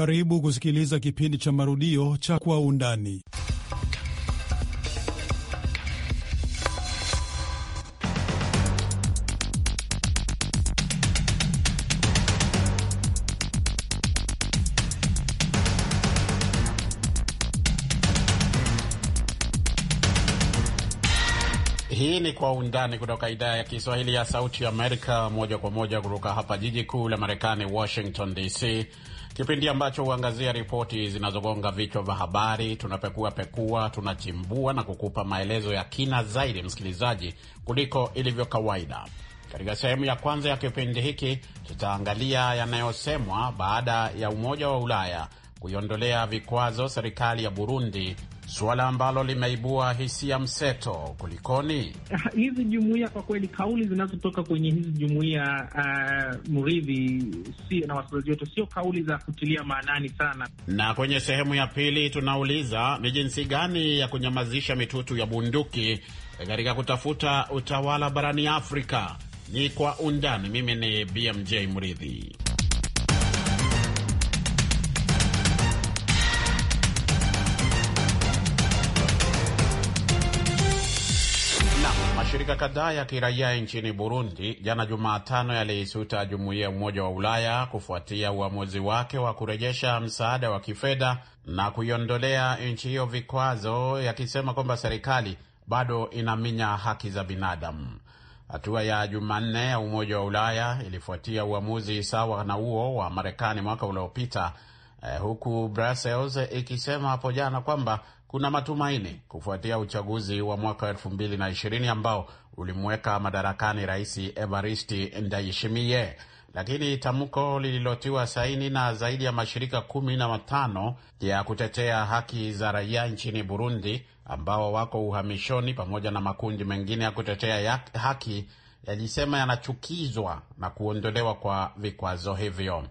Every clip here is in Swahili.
Karibu kusikiliza kipindi cha marudio cha Kwa Undani. Hii ni Kwa Undani kutoka idhaa ya Kiswahili ya Sauti ya Amerika, moja kwa moja kutoka hapa jiji kuu la Marekani, Washington DC kipindi ambacho huangazia ripoti zinazogonga vichwa vya habari. Tunapekua pekua, tunachimbua na kukupa maelezo ya kina zaidi, msikilizaji, kuliko ilivyo kawaida. Katika sehemu ya kwanza ya kipindi hiki tutaangalia yanayosemwa baada ya Umoja wa Ulaya kuiondolea vikwazo serikali ya Burundi suala ambalo limeibua hisia mseto. Kulikoni hizi jumuiya? Kwa kweli kauli zinazotoka kwenye hizi jumuiya uh, mridhi si, na wasikilizaji wetu, sio kauli za kutilia maanani sana. Na kwenye sehemu ya pili tunauliza ni jinsi gani ya kunyamazisha mitutu ya bunduki katika kutafuta utawala barani Afrika. Ni kwa undani. Mimi ni BMJ Mridhi. Mashirika kadhaa ya kiraia nchini Burundi jana Jumatano yaliisuta jumuiya ya Umoja wa Ulaya kufuatia uamuzi wake wa kurejesha msaada wa kifedha na kuiondolea nchi hiyo vikwazo, yakisema kwamba serikali bado inaminya haki za binadamu. Hatua ya Jumanne ya Umoja wa Ulaya ilifuatia uamuzi sawa na huo wa Marekani mwaka uliopita, eh, huku Brussels ikisema hapo jana kwamba kuna matumaini kufuatia uchaguzi wa mwaka ishirini ambao ulimweka madarakani Rais Evaristi Ndayishimiye. Lakini tamko lililotiwa saini na zaidi ya mashirika kumi na matano ya kutetea haki za raia nchini Burundi ambao wako uhamishoni pamoja na makundi mengine ya kutetea ya haki yalisema yanachukizwa na kuondolewa kwa vikwazo hivyo.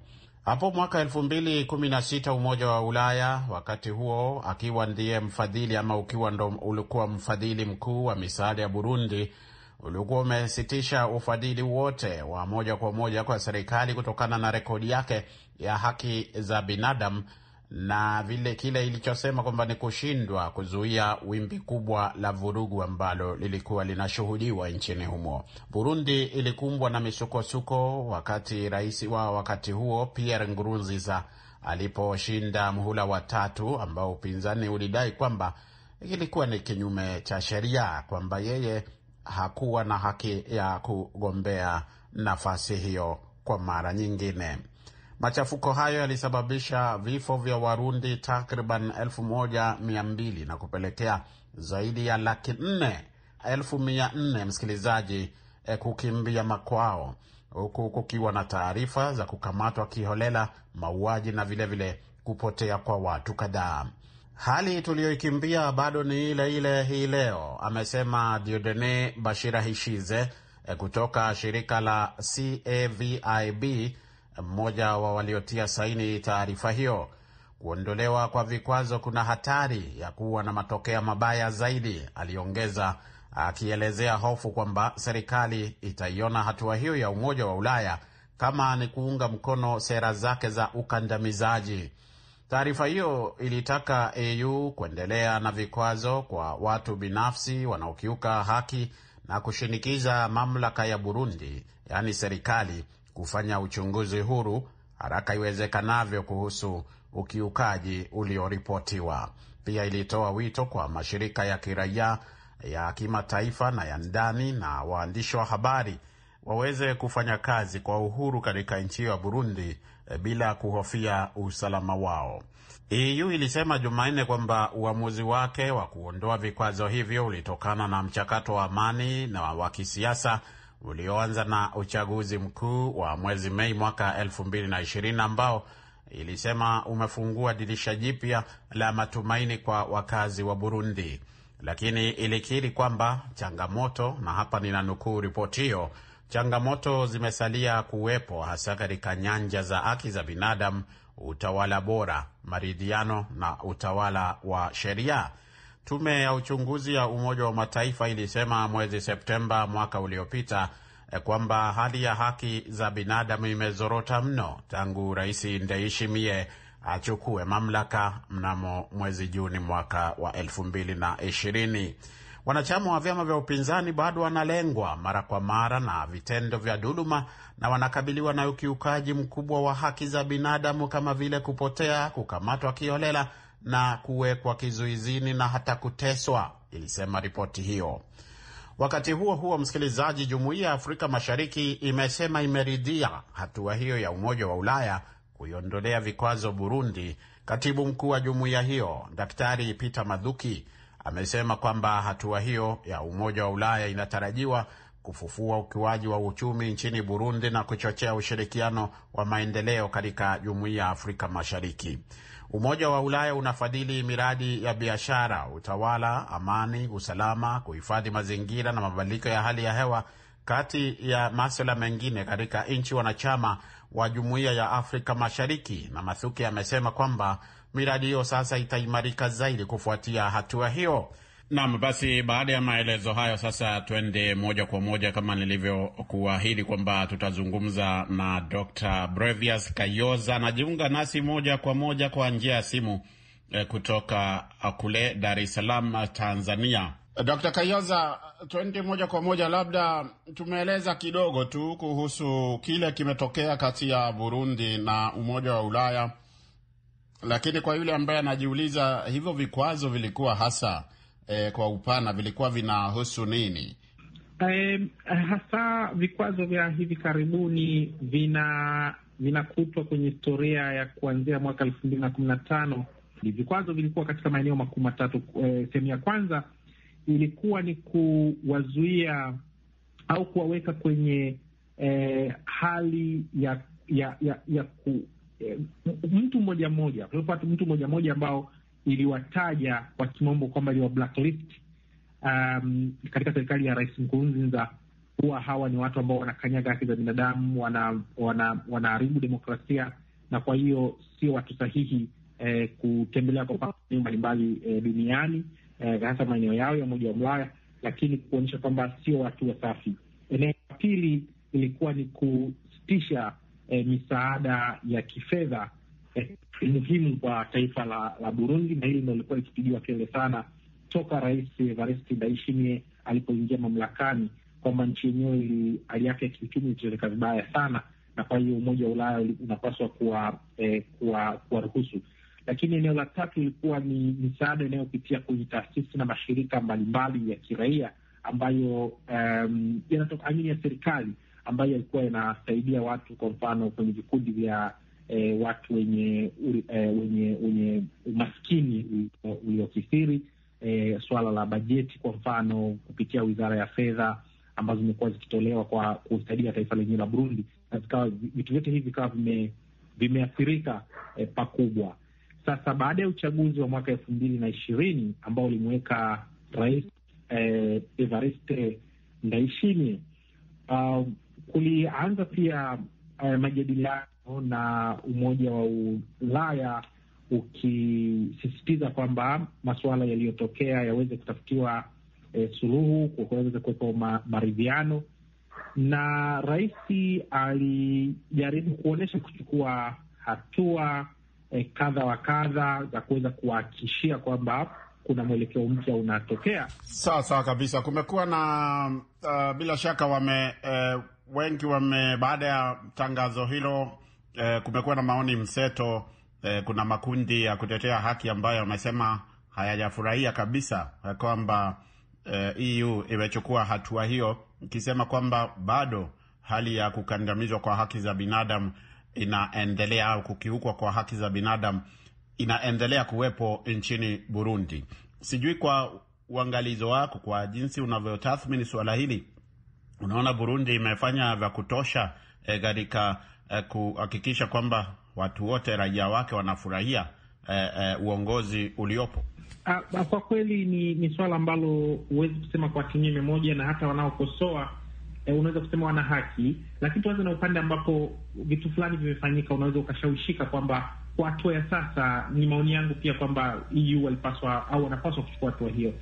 Hapo mwaka 2016 Umoja wa Ulaya wakati huo akiwa ndiye mfadhili ama ukiwa ndo ulikuwa mfadhili mkuu wa misaada ya Burundi ulikuwa umesitisha ufadhili wote wa moja kwa moja kwa serikali kutokana na rekodi yake ya haki za binadamu na vile kile ilichosema kwamba ni kushindwa kuzuia wimbi kubwa la vurugu ambalo lilikuwa linashuhudiwa nchini humo. Burundi ilikumbwa na misukosuko wakati rais wa wakati huo Pierre Nkurunziza aliposhinda mhula wa tatu ambao upinzani ulidai kwamba ilikuwa ni kinyume cha sheria, kwamba yeye hakuwa na haki ya kugombea nafasi hiyo kwa mara nyingine. Machafuko hayo yalisababisha vifo vya Warundi takriban mbili na kupelekea zaidi ya laki nne elfu mia nne msikilizaji, e, kukimbia makwao, huku kukiwa na taarifa za kukamatwa kiholela, mauaji na vilevile vile kupotea kwa watu kadhaa. Hali tuliyoikimbia bado ni ile ile hii leo, amesema Diodene Bashira Hishize eh, kutoka shirika la CAVIB mmoja wa waliotia saini taarifa hiyo. Kuondolewa kwa vikwazo kuna hatari ya kuwa na matokeo mabaya zaidi, aliongeza, akielezea hofu kwamba serikali itaiona hatua hiyo ya Umoja wa Ulaya kama ni kuunga mkono sera zake za ukandamizaji. Taarifa hiyo ilitaka EU kuendelea na vikwazo kwa watu binafsi wanaokiuka haki na kushinikiza mamlaka ya Burundi, yaani serikali kufanya uchunguzi huru haraka iwezekanavyo kuhusu ukiukaji ulioripotiwa. Pia ilitoa wito kwa mashirika ya kiraia ya kimataifa na ya ndani na waandishi wa habari waweze kufanya kazi kwa uhuru katika nchi hiyo ya Burundi eh, bila kuhofia usalama wao. EU ilisema Jumanne kwamba uamuzi wake wa kuondoa vikwazo hivyo ulitokana na mchakato wa amani na wa kisiasa ulioanza na uchaguzi mkuu wa mwezi Mei mwaka 2020 ambao ilisema umefungua dirisha jipya la matumaini kwa wakazi wa Burundi, lakini ilikiri kwamba changamoto, na hapa ninanukuu ripoti hiyo, changamoto zimesalia kuwepo hasa katika nyanja za haki za binadamu, utawala bora, maridhiano na utawala wa sheria Tume ya uchunguzi ya Umoja wa Mataifa ilisema mwezi Septemba mwaka uliopita eh, kwamba hali ya haki za binadamu imezorota mno tangu Rais Ndayishimiye achukue mamlaka mnamo mwezi Juni mwaka wa elfu mbili na ishirini. Wanachama wa vyama vya upinzani bado wanalengwa mara kwa mara na vitendo vya dhuluma na wanakabiliwa na ukiukaji mkubwa wa haki za binadamu kama vile kupotea, kukamatwa kiholela na kuwekwa kizuizini na hata kuteswa, ilisema ripoti hiyo. Wakati huo huo, msikilizaji, jumuiya ya Afrika Mashariki imesema imeridhia hatua hiyo ya Umoja wa Ulaya kuiondolea vikwazo Burundi. Katibu mkuu wa jumuiya hiyo Daktari Peter madhuki amesema kwamba hatua hiyo ya Umoja wa Ulaya inatarajiwa kufufua ukiwaji wa uchumi nchini Burundi na kuchochea ushirikiano wa maendeleo katika jumuiya ya Afrika Mashariki. Umoja wa Ulaya unafadhili miradi ya biashara, utawala, amani, usalama, kuhifadhi mazingira na mabadiliko ya hali ya hewa, kati ya maswala mengine katika nchi wanachama wa jumuiya ya Afrika Mashariki. Na Mathuki amesema kwamba miradi hiyo sasa itaimarika zaidi kufuatia hatua hiyo. Naam, basi baada ya maelezo hayo sasa twende moja kwa moja kama nilivyokuahidi kwamba tutazungumza na Dr. Brevius Kayoza. Anajiunga nasi moja kwa moja kwa njia ya simu eh, kutoka kule Dar es Salaam, Tanzania. Dr. Kayoza, twende moja kwa moja, labda tumeeleza kidogo tu kuhusu kile kimetokea kati ya Burundi na Umoja wa Ulaya, lakini kwa yule ambaye anajiuliza hivyo vikwazo vilikuwa hasa eh, kwa upana vilikuwa vinahusu nini? Um, hasa vikwazo vya hivi karibuni vina vinakutwa kwenye historia ya kuanzia mwaka elfu mbili na kumi na tano. Vikwazo vilikuwa katika maeneo makuu matatu. Eh, sehemu ya kwanza ilikuwa ni kuwazuia au kuwaweka kwenye eh, hali ya ya ya, ya ku, eh, mtu mmoja mmoja mtu mmoja mmoja ambao iliwataja kwa kimombo kwamba liwa blacklist um, katika serikali ya Rais Nkurunziza kuwa hawa ni watu ambao wanakanyaga haki za binadamu, wanaharibu wana, wana demokrasia na kwa hiyo sio watu sahihi eh, kutembelea kwa maeneo mbalimbali eh, duniani eh, hasa maeneo yao ya Umoja wa Ulaya, lakini kuonyesha kwamba sio watu wasafi. Eneo la pili ilikuwa ni kusitisha eh, misaada ya kifedha muhimu kwa taifa la, la Burundi, na hili ndo lilikuwa likipigiwa kele sana toka Rais Evariste Ndayishimiye alipoingia mamlakani kwamba nchi yenyewe hali yake ya kiuchumi ilitoweka vibaya sana, na kwa hiyo Umoja wa Ulaya unapaswa eh, kuwaruhusu eh, lakini eneo la tatu ilikuwa ni misaada inayopitia kwenye taasisi na mashirika mbalimbali ya kiraia ambayo um, yanatoka amini ya serikali ambayo yalikuwa yanasaidia watu, kwa mfano kwenye vikundi vya e, watu wenye e, wenye wenye umaskini uliokithiri, e, eh, suala la bajeti kwa mfano kupitia wizara ya fedha ambazo zimekuwa zikitolewa kwa kusaidia taifa lenyewe la Burundi, na vikawa vitu vyote hivi vikawa vime, vimeathirika e, pakubwa. Sasa baada ya uchaguzi wa mwaka elfu mbili na ishirini ambao ulimweka rais e, Evariste Ndayishimiye, uh, kulianza pia uh, majadiliano na Umoja wa Ulaya ukisisitiza kwamba masuala yaliyotokea yaweze kutafutiwa e, suluhu kwa kuweza kuwepo maridhiano. Na rais alijaribu kuonyesha kuchukua hatua e, kadha wa kadha za kuweza kuwahakikishia kwamba kuna mwelekeo mpya unatokea. Sawa sawa kabisa. Kumekuwa na uh, bila shaka wame uh, wengi wame baada ya tangazo hilo eh, kumekuwa na maoni mseto eh, kuna makundi ya kutetea haki ambayo wamesema hayajafurahia kabisa eh, kwamba eh, EU imechukua hatua hiyo, ikisema kwamba bado hali ya kukandamizwa kwa haki za binadamu inaendelea au kukiukwa kwa haki za binadamu inaendelea kuwepo nchini Burundi. Sijui kwa uangalizo wako, kwa jinsi unavyotathmini suala hili, unaona Burundi imefanya vya kutosha eh, katika eh, kuhakikisha kwamba watu wote raia wake wanafurahia eh, eh, uongozi uliopo? Uh, kwa kweli ni, ni swala ambalo huwezi kusema kwa asilimia mia moja, na hata wanaokosoa eh, unaweza kusema wana haki, lakini tuanze na upande ambapo vitu fulani vimefanyika, unaweza ukashawishika kwamba kwa hatua ya sasa, ni maoni yangu pia kwamba EU walipaswa au wanapaswa kuchukua hatua hiyo.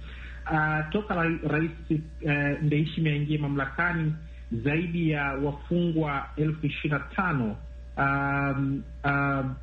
Uh, toka Rais uh, Ndayishimiye aingie mamlakani zaidi ya wafungwa elfu ishirini na tano um, um,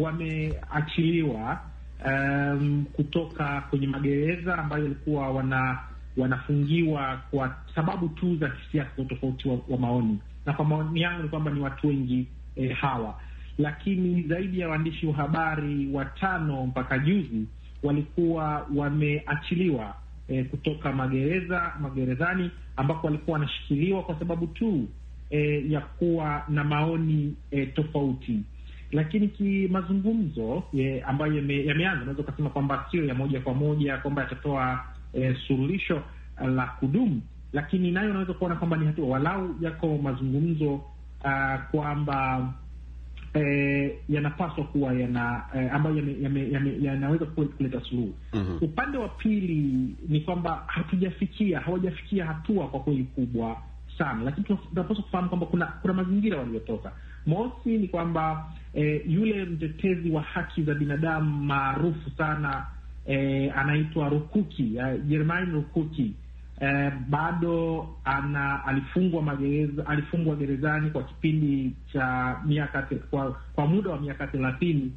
wameachiliwa um, kutoka kwenye magereza ambayo walikuwa wana, wanafungiwa kwa sababu tu za kisiasa za utofauti wa, wa maoni, na kwa maoni yangu ni kwamba ni watu wengi eh, hawa, lakini zaidi ya waandishi wa habari watano mpaka juzi walikuwa wameachiliwa e, kutoka magereza magerezani ambako walikuwa wanashikiliwa kwa sababu tu e, ya kuwa na maoni e, tofauti. Lakini kimazungumzo e, ambayo yameanza unaweza ukasema kwamba sio ya moja kwa moja kwamba yatatoa e, suluhisho la kudumu, lakini nayo unaweza kuona kwamba ni hatua, walau yako mazungumzo kwamba e, yanapaswa kuwa yana e, ambayo yanaweza ya ya ya kuleta suluhu mm -hmm. Upande wa pili ni kwamba hatujafikia hawajafikia hatua kwa kweli kubwa sana, lakini tunapaswa kufahamu kwamba kuna, kuna mazingira waliotoka. Mosi ni kwamba e, yule mtetezi wa haki za binadamu maarufu sana e, anaitwa Rukuki eh, Rukuki eh, bado ana alifungwa magereza, alifungwa gerezani kwa kipindi cha miaka kwa, kwa muda wa miaka thelathini,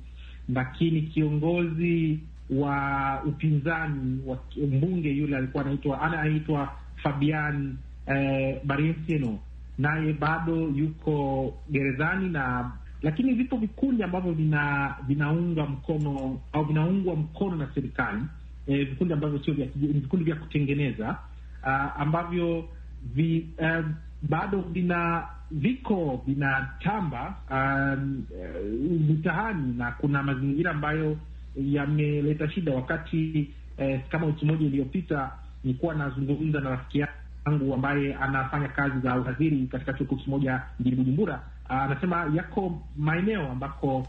lakini kiongozi wa upinzani wa mbunge yule alikuwa anaitwa anaitwa Fabian eh, Barrichello naye bado yuko gerezani na lakini vipo vikundi ambavyo vina, vinaunga mkono au vinaungwa mkono na serikali e, vikundi ambavyo sio vya vikundi vya kutengeneza uh, ambavyo vi, uh, bado vina viko vinatamba um, eh, mitaani uh, na kuna mazingira ambayo yameleta shida. Wakati eh, kama wiki moja iliyopita nilikuwa nazungumza na rafiki yangu ambaye anafanya kazi za uhadhiri katika chuo kimoja mjini Bujumbura. Ah, anasema yako maeneo ambako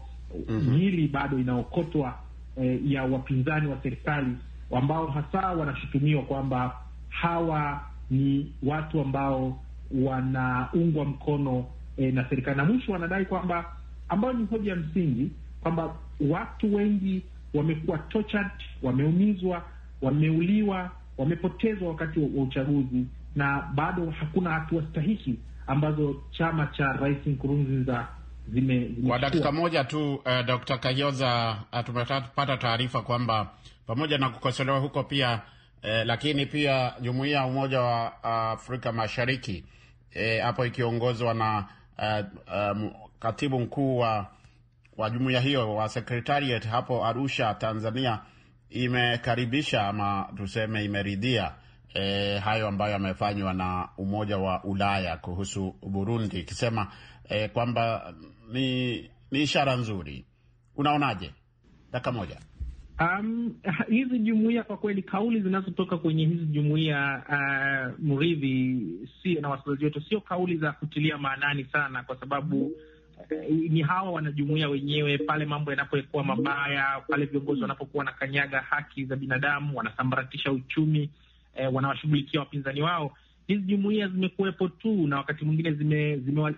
mhm. miili mm -hmm. bado inaokotwa eh, ya wapinzani wa serikali ambao hasa wanashutumiwa kwamba hawa ni watu ambao wanaungwa mkono e, na serikali. Na mwisho wanadai kwamba, ambayo ni hoja ya msingi, kwamba watu wengi wamekuwa tortured, wameumizwa, wameuliwa, wamepotezwa wakati wa uchaguzi, na bado hakuna hatua stahiki ambazo chama cha Rais Nkurunziza zime, zime kwa dakika moja tu. Uh, eh, Dr. Kayoza, tumepata taarifa kwamba pamoja na kukosolewa huko pia eh, lakini pia jumuiya ya Umoja wa Afrika Mashariki eh, hapo eh, ikiongozwa na eh, um, katibu mkuu wa, wa jumuiya hiyo wa Secretariat hapo Arusha, Tanzania imekaribisha ama tuseme imeridhia E, hayo ambayo yamefanywa na Umoja wa Ulaya kuhusu Burundi ikisema e, kwamba ni, ni ishara nzuri. Unaonaje? Dakika moja. Um, hizi jumuia kwa kweli, kauli zinazotoka kwenye hizi jumuia uh, mridhi si na wasikilizaji wetu, sio kauli za kutilia maanani sana, kwa sababu uh, ni hawa wanajumuia wenyewe, pale mambo yanapokuwa mabaya, pale viongozi wanapokuwa wanakanyaga haki za binadamu, wanasambaratisha uchumi eh, wanawashughulikia wapinzani wao. Hizi jumuia zimekuwepo tu, na wakati mwingine zime, zime,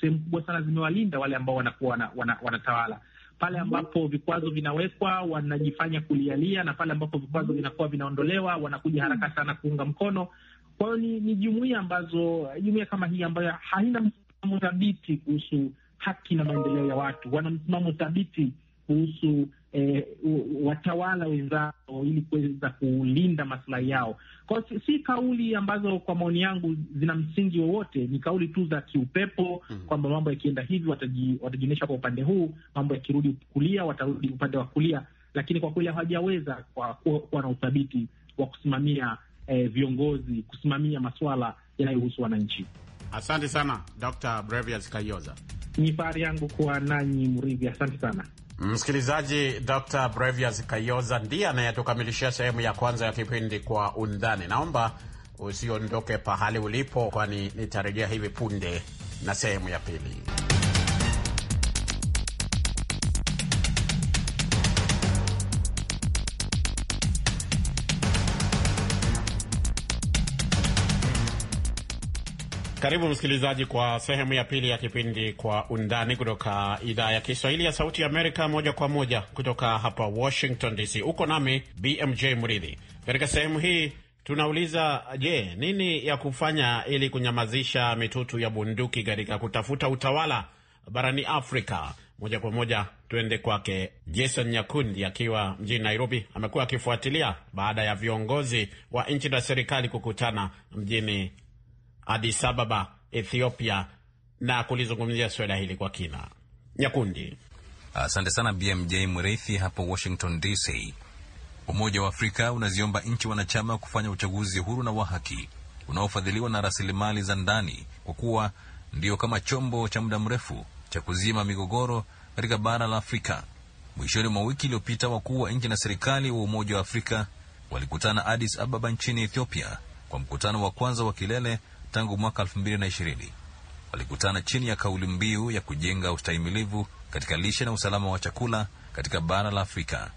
sehemu kubwa sana zimewalinda wale ambao wanakuwa wanatawala wana, wana pale ambapo vikwazo vinawekwa wanajifanya kulialia, na pale ambapo vikwazo vinakuwa vinaondolewa wanakuja haraka hmm. sana kuunga mkono. Kwa hiyo ni, ni jumuia ambazo jumuia kama hii ambayo haina msimamo thabiti kuhusu haki na maendeleo ya watu, wana msimamo thabiti kuhusu e, watawala wenzao ili kuweza kulinda maslahi yao. Kwa si, si kauli ambazo kwa maoni yangu zina msingi wowote, ni kauli tu za kiupepo mm -hmm. kwamba mambo yakienda hivi watajionyesha kwa upande huu, mambo yakirudi kulia watarudi upande wa kulia, lakini kwa kweli hawajaweza kwa kuwa na uthabiti wa kusimamia eh, viongozi kusimamia masuala yanayohusu wananchi. Asante sana Dr. Brevias Kayoza, ni fahari yangu kuwa nanyi Mridhi. Asante sana. Msikilizaji, Dr Brevias Kayoza ndiye anayetukamilishia sehemu ya kwanza ya kipindi Kwa Undani. Naomba usiondoke pahali ulipo, kwani nitarejea hivi punde na sehemu ya pili. Karibu msikilizaji kwa sehemu ya pili ya kipindi Kwa Undani kutoka idhaa ya Kiswahili ya Sauti Amerika, moja kwa moja kutoka hapa Washington DC. Uko nami BMJ Mridhi. Katika sehemu hii tunauliza, je, nini ya kufanya ili kunyamazisha mitutu ya bunduki katika kutafuta utawala barani Afrika? Moja kwa moja tuende kwake Jason Nyakundi akiwa mjini Nairobi. Amekuwa akifuatilia baada ya viongozi wa nchi na serikali kukutana mjini Addis Ababa, Ethiopia, na kulizungumzia suala hili kwa kina. Nyakundi, asante sana BMJ Mreithi hapo Washington DC. Umoja wa Afrika unaziomba nchi wanachama kufanya uchaguzi huru na wa haki unaofadhiliwa na rasilimali za ndani kwa kuwa ndio kama chombo cha muda mrefu cha kuzima migogoro katika bara la Afrika. Mwishoni mwa wiki iliyopita, wakuu wa nchi na serikali wa Umoja wa Afrika walikutana Addis Ababa nchini Ethiopia kwa mkutano wa kwanza wa kilele tangu mwaka 2020 walikutana chini ya kauli mbiu ya kujenga ustahimilivu katika lishe na usalama wa chakula katika bara la Afrika.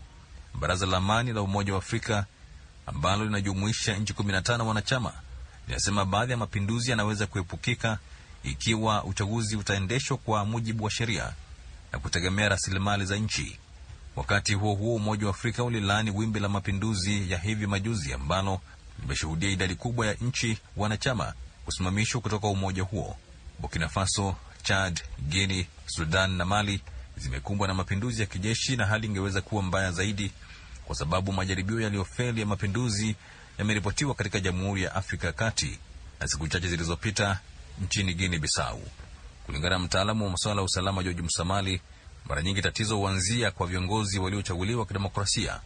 Baraza la Amani la Umoja wa Afrika ambalo linajumuisha nchi 15 wanachama linasema baadhi ya mapinduzi yanaweza kuepukika ikiwa uchaguzi utaendeshwa kwa mujibu wa sheria na kutegemea rasilimali za nchi. Wakati huo huo, Umoja wa Afrika ulilaani wimbi la mapinduzi ya hivi majuzi ambalo limeshuhudia idadi kubwa ya nchi wanachama kusimamishwa kutoka umoja huo. Burkina Faso, Chad, Guinea, Sudan na Mali zimekumbwa na mapinduzi ya kijeshi na hali ingeweza kuwa mbaya zaidi kwa sababu majaribio yaliyofeli ya mapinduzi yameripotiwa katika Jamhuri ya Afrika ya Kati na siku chache zilizopita nchini Guini Bisau. Kulingana na mtaalamu wa masuala ya usalama George Msamali, mara nyingi tatizo huanzia kwa viongozi waliochaguliwa kidemokrasia.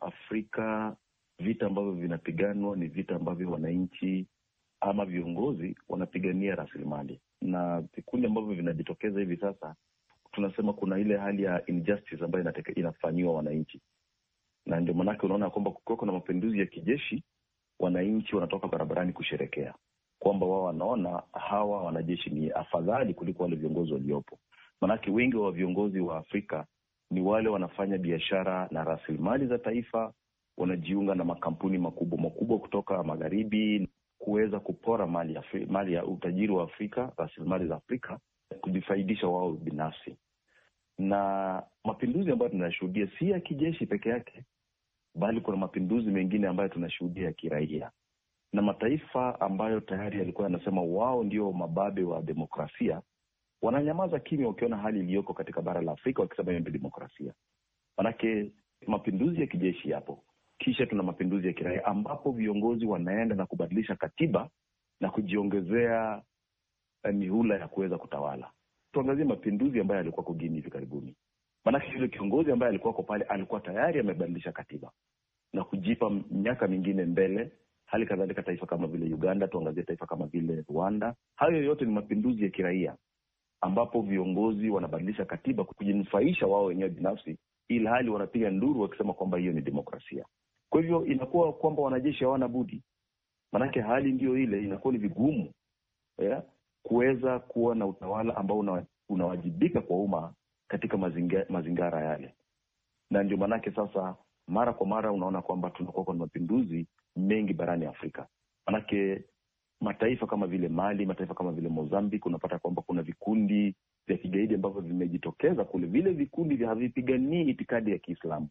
Afrika, vita ambavyo vinapiganwa ni vita ambavyo wananchi ama viongozi wanapigania rasilimali, na vikundi ambavyo vinajitokeza hivi sasa, tunasema kuna ile hali ya injustice ambayo inafanyiwa wananchi, na ndio maanake unaona kwamba kukiwako na mapinduzi ya kijeshi, wananchi wanatoka barabarani kusherekea kwamba wao wanaona hawa wanajeshi ni afadhali kuliko wale viongozi waliopo. Maanake wengi wa viongozi wa Afrika ni wale wanafanya biashara na rasilimali za taifa, wanajiunga na makampuni makubwa makubwa kutoka magharibi kuweza kupora mali ya, mali ya utajiri wa Afrika, rasilimali za Afrika, kujifaidisha wao binafsi. Na mapinduzi ambayo tunayashuhudia si ya kijeshi peke yake, bali kuna mapinduzi mengine ambayo tunashuhudia ya kiraia, na mataifa ambayo tayari yalikuwa yanasema wao ndio mababe wa demokrasia wananyamaza kimya, wakiona hali iliyoko katika bara la Afrika, wakisema hiyo ndio demokrasia. Manake mapinduzi ya kijeshi yapo, kisha tuna mapinduzi ya kiraia ambapo viongozi wanaenda na kubadilisha katiba na kujiongezea eh, mihula ya kuweza kutawala. Tuangazie mapinduzi ambayo yalikuwa kugini hivi karibuni, maanake yule kiongozi ambaye alikuwako pale alikuwa tayari amebadilisha katiba na kujipa miaka mingine mbele. Hali kadhalika taifa kama vile Uganda, tuangazie taifa kama vile Rwanda. Hayo yote ni mapinduzi ya kiraia ambapo viongozi wanabadilisha katiba kujinufaisha wao wenyewe binafsi, ili hali wanapiga nduru wakisema kwamba hiyo ni demokrasia. Kwa hivyo inakuwa kwamba wanajeshi hawana budi, maanake hali ndiyo ile, inakuwa ni vigumu yeah, kuweza kuwa na utawala ambao unawajibika kwa umma katika mazinga, mazingara yale, na ndio maanake sasa mara kwa mara unaona kwamba tunakuwa kwa mapinduzi mengi barani Afrika, manake mataifa kama vile Mali, mataifa kama vile Mozambik, unapata kwamba kuna vikundi vya kigaidi ambavyo vimejitokeza kule. Vile vikundi havipiganii itikadi ya Kiislamu,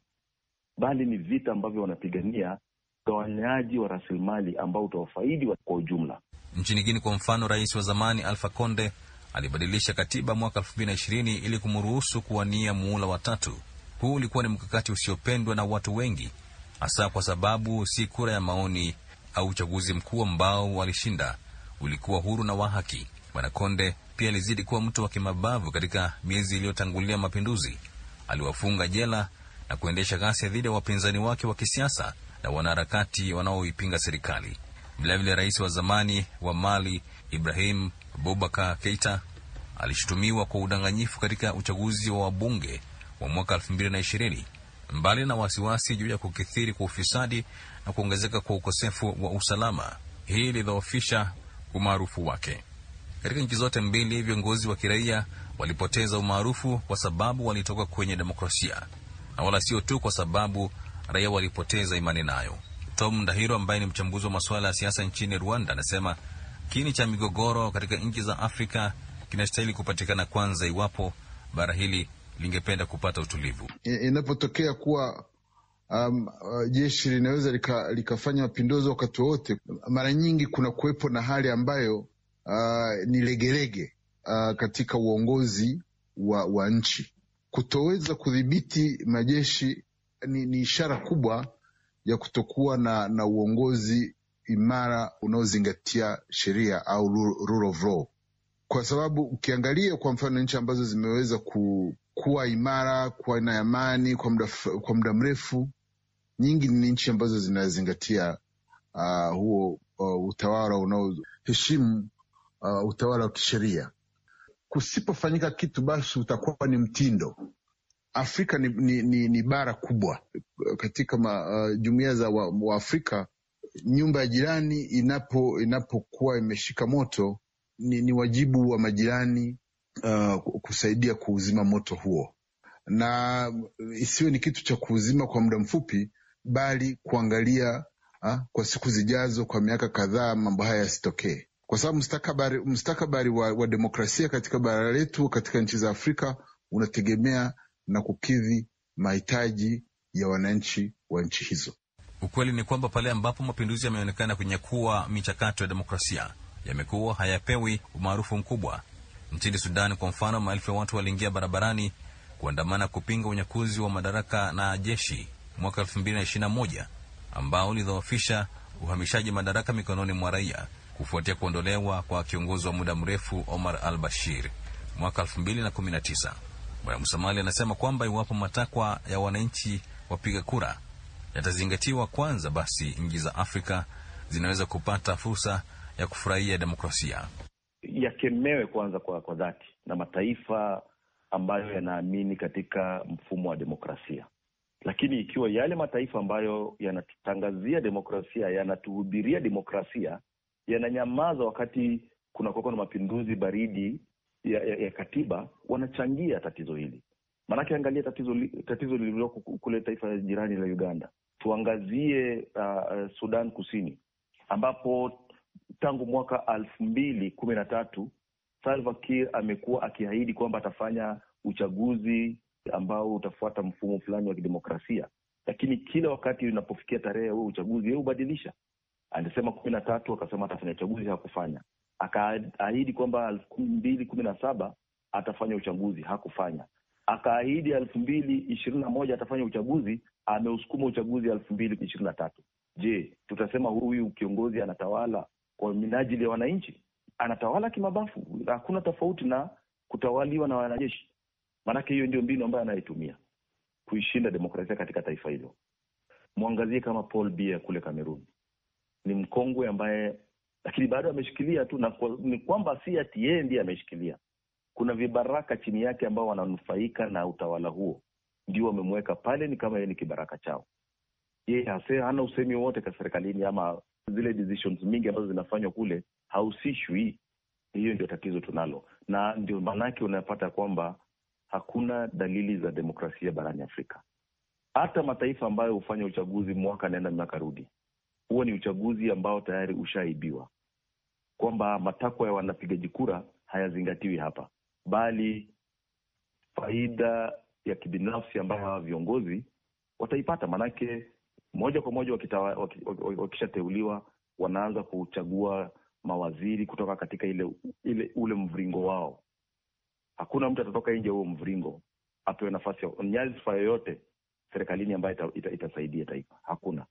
bali ni vita ambavyo wanapigania ugawanyaji wa rasilimali ambao utawafaidi kwa ujumla. Nchini Guini, kwa mfano, rais wa zamani alfa Conde alibadilisha katiba mwaka elfu mbili na ishirini ili kumruhusu kuwania muhula watatu. Huu ulikuwa ni mkakati usiopendwa na watu wengi, hasa kwa sababu si kura ya maoni au uchaguzi mkuu ambao walishinda ulikuwa huru na wa haki. Bwana Konde pia alizidi kuwa mtu wa kimabavu. Katika miezi iliyotangulia mapinduzi, aliwafunga jela na kuendesha ghasia dhidi ya wapinzani wake wa kisiasa na wanaharakati wanaoipinga serikali. Vilevile, rais wa zamani wa Mali Ibrahim bubaka Keita alishutumiwa kwa udanganyifu katika uchaguzi wa wabunge wa mwaka ishirini Mbali na wasiwasi juu ya kukithiri kwa ufisadi na kuongezeka kwa ukosefu wa usalama, hii ilidhoofisha umaarufu wake. Katika nchi zote mbili, viongozi wa kiraia walipoteza umaarufu kwa sababu walitoka kwenye demokrasia na wala sio tu kwa sababu raia walipoteza imani nayo. Tom Ndahiro ambaye ni mchambuzi wa masuala ya siasa nchini Rwanda anasema kiini cha migogoro katika nchi za Afrika kinastahili kupatikana kwanza iwapo bara hili lingependa kupata utulivu. Inapotokea kuwa um, uh, jeshi linaweza lika, likafanya mapinduzi wakati wowote, mara nyingi kuna kuwepo na hali ambayo uh, ni legelege uh, katika uongozi wa, wa nchi kutoweza kudhibiti majeshi ni, ni ishara kubwa ya kutokuwa na, na uongozi imara unaozingatia sheria au rule of law, kwa sababu ukiangalia kwa mfano nchi ambazo zimeweza ku, kuwa imara kuwa na amani kwa muda kwa muda mrefu, nyingi ni nchi ambazo zinazingatia uh, huo uh, utawala unaoheshimu uh, utawala wa kisheria kusipofanyika kitu basi utakuwa ni mtindo. Afrika ni, ni, ni, ni bara kubwa katika ma, uh, jumuiya za waafrika wa Nyumba ya jirani inapo inapokuwa imeshika moto ni, ni wajibu wa majirani uh, kusaidia kuuzima moto huo, na isiwe ni kitu cha kuuzima kwa muda mfupi, bali kuangalia uh, kwa siku zijazo, kwa miaka kadhaa, mambo haya yasitokee kwa sababu mstakabari mstakabari wa, wa demokrasia katika bara letu katika nchi za Afrika unategemea na kukidhi mahitaji ya wananchi wa nchi hizo. Ukweli ni kwamba pale ambapo mapinduzi yameonekana kunyakua michakato ya demokrasia yamekuwa hayapewi umaarufu mkubwa. Nchini Sudani kwa mfano, maelfu ya watu waliingia barabarani kuandamana kupinga unyakuzi wa madaraka na jeshi mwaka 2021 ambao ulidhoofisha uhamishaji madaraka mikononi mwa raia kufuatia kuondolewa kwa kiongozi wa muda mrefu Omar al Bashir mwaka 2019. Bwana Musamali anasema kwamba iwapo matakwa ya wananchi wapiga kura yatazingatiwa kwanza, basi nchi za Afrika zinaweza kupata fursa ya kufurahia demokrasia. Yakemewe kwanza kwa, kwa dhati na mataifa ambayo yanaamini katika mfumo wa demokrasia, lakini ikiwa yale mataifa ambayo yanatutangazia demokrasia yanatuhubiria demokrasia yananyamaza wakati kunakuwa na mapinduzi baridi ya, ya, ya katiba, wanachangia tatizo hili. Maanake angalia tatizo, tatizo lililoko kule taifa la jirani la Uganda. Tuangazie uh, uh, Sudan Kusini ambapo tangu mwaka elfu mbili kumi na tatu Salva Kiir amekuwa akiahidi kwamba atafanya uchaguzi ambao utafuata mfumo fulani wa kidemokrasia, lakini kila wakati unapofikia tarehe ya huo uchaguzi yeye hubadilisha alisema kumi na tatu akasema atafanya uchaguzi, hakufanya. Akaahidi kwamba elfu mbili kumi na saba atafanya uchaguzi, hakufanya. Akaahidi elfu mbili ishirini na moja atafanya uchaguzi, ameusukuma uchaguzi elfu mbili ishirini na tatu. Je, tutasema huyu kiongozi anatawala kwa minajili ya wananchi? Anatawala kimabafu, hakuna tofauti na kutawaliwa na wanajeshi. Maanake hiyo ndio mbinu ambayo anayetumia kuishinda demokrasia katika taifa hilo. Mwangazie kama Paul Biya kule Kamerun, ni mkongwe ambaye, lakini bado ameshikilia tu, na kwa, ni kwamba si ati yeye ndiye ameshikilia. Kuna vibaraka chini yake ambao wananufaika na utawala huo, ndio wamemweka pale, ni kama yeye ni kibaraka chao. Yeye hase hana usemi wowote ka serikalini, ama zile decisions mingi ambazo zinafanywa kule hahusishwi. Hiyo ndio tatizo tunalo, na ndio maanake unapata kwamba hakuna dalili za demokrasia barani Afrika. Hata mataifa ambayo hufanya uchaguzi mwaka naenda miaka rudi, huo ni uchaguzi ambao tayari ushaibiwa, kwamba matakwa ya wanapigaji kura hayazingatiwi hapa, bali faida ya kibinafsi ambayo hawa viongozi wataipata, maanake moja kwa moja wakishateuliwa wanaanza kuchagua mawaziri kutoka katika ile, ile ule mviringo wao. Hakuna mtu atatoka nje huo mviringo apewe nafasi ya nyadhifa yoyote serikalini ambayo ita, ita, itasaidia taifa. Hakuna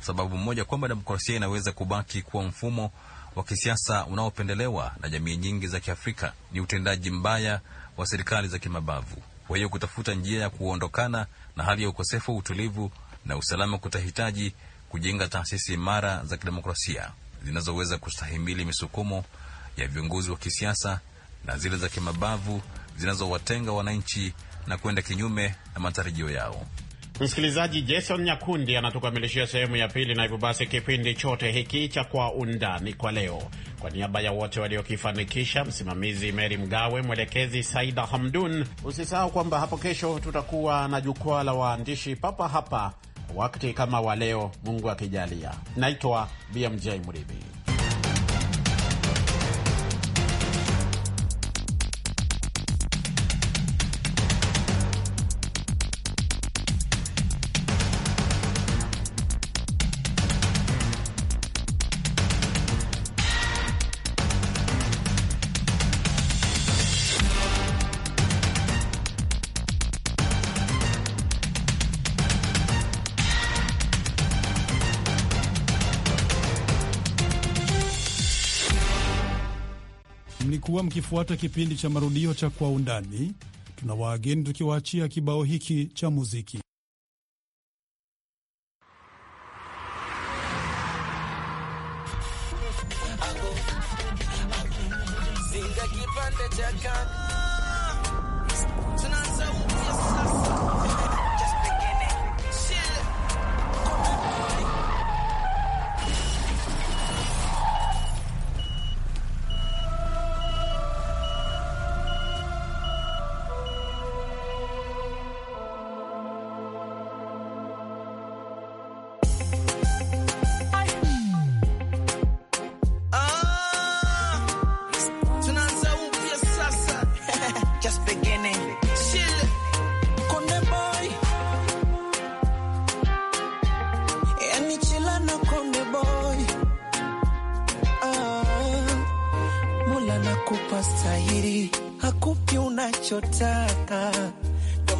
sababu moja kwamba demokrasia inaweza kubaki kuwa mfumo wa kisiasa unaopendelewa na jamii nyingi za Kiafrika ni utendaji mbaya wa serikali za kimabavu. Kwa hiyo kutafuta njia ya kuondokana na hali ya ukosefu, utulivu na usalama kutahitaji kujenga taasisi imara za kidemokrasia zinazoweza kustahimili misukumo ya viongozi wa kisiasa na zile za kimabavu zinazowatenga wananchi na kwenda kinyume na matarajio yao. Msikilizaji, Jason Nyakundi anatukamilishia sehemu ya pili, na hivyo basi kipindi chote hiki cha Kwa Undani kwa leo, kwa niaba ya wote waliokifanikisha, msimamizi Meri Mgawe, mwelekezi Saida Hamdun. Usisahau kwamba hapo kesho tutakuwa na jukwaa la waandishi papa hapa wakati kama wa leo, Mungu akijalia. Naitwa BMJ Mridhi. kikifuata kipindi cha marudio cha Kwa Undani. Tuna waageni tukiwaachia kibao hiki cha muziki. kipande cha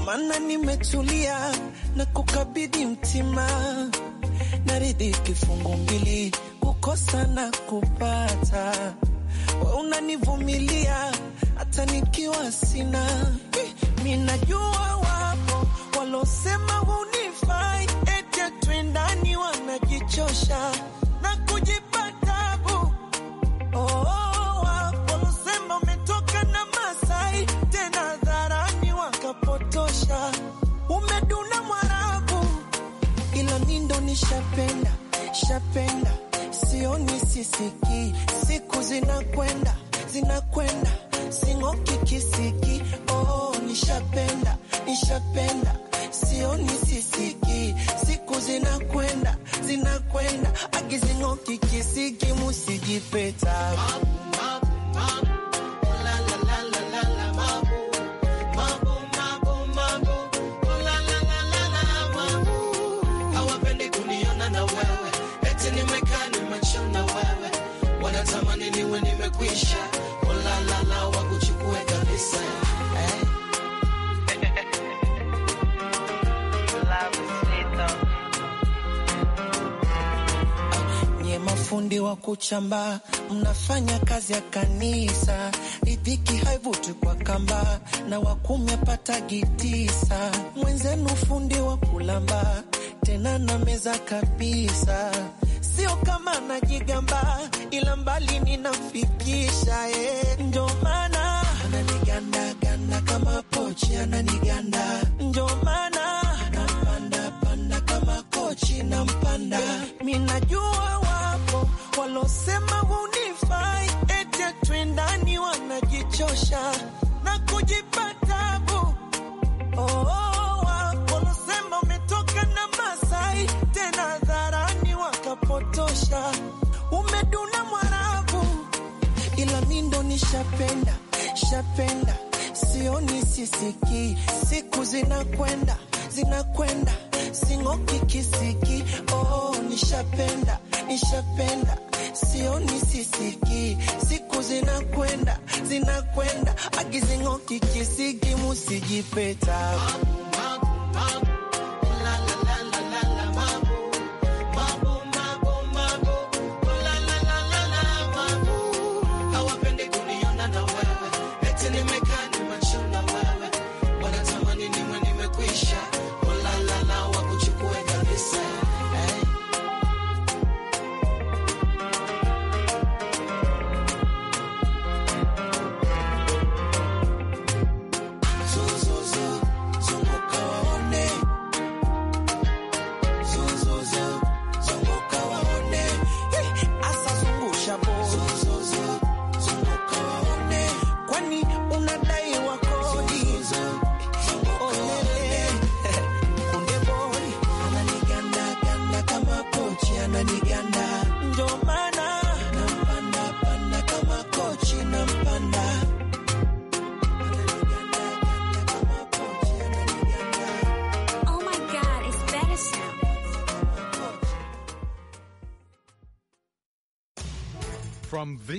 maana nimetulia na kukabidhi mtima, naridhi kifungu mbili, kukosa na kupata. We unanivumilia hata nikiwa sina. Minajua wapo walosema hunifai, eti twendani, wanajichosha nishapenda shapenda, sioni sisiki, siku zinakwenda zinakwenda, sing'oki kisiki. Oh, nishapenda nishapenda, sioni sisiki, siku zinakwenda zinakwenda, akizing'oki kisiki, musijipeta kuchamba, mnafanya kazi ya kanisa, dhiki haivuti kwa kamba, na wakumepata gitisa, mwenzenu fundi wa kulamba, tena na meza kabisa, sio kama najigamba, ila mbali ninamfikisha eh, ndio maana ananiganda ganda kama pochi, ananiganda ndio maana napanda panda kama kochi nampanda, minajua kujichosha na kujipa tabu. Oh, oh, wanasema umetoka na Masai tena dharani wakapotosha, umeduna Mwarabu, ila mindo nishapenda shapenda, sioni sisikii, siku zinakwenda zinakwenda, sing'oki kisiki. Oh, nishapenda nishapenda sioni sisiki, siku zinakwenda zinakwenda, agizingoki kisigi musijipeta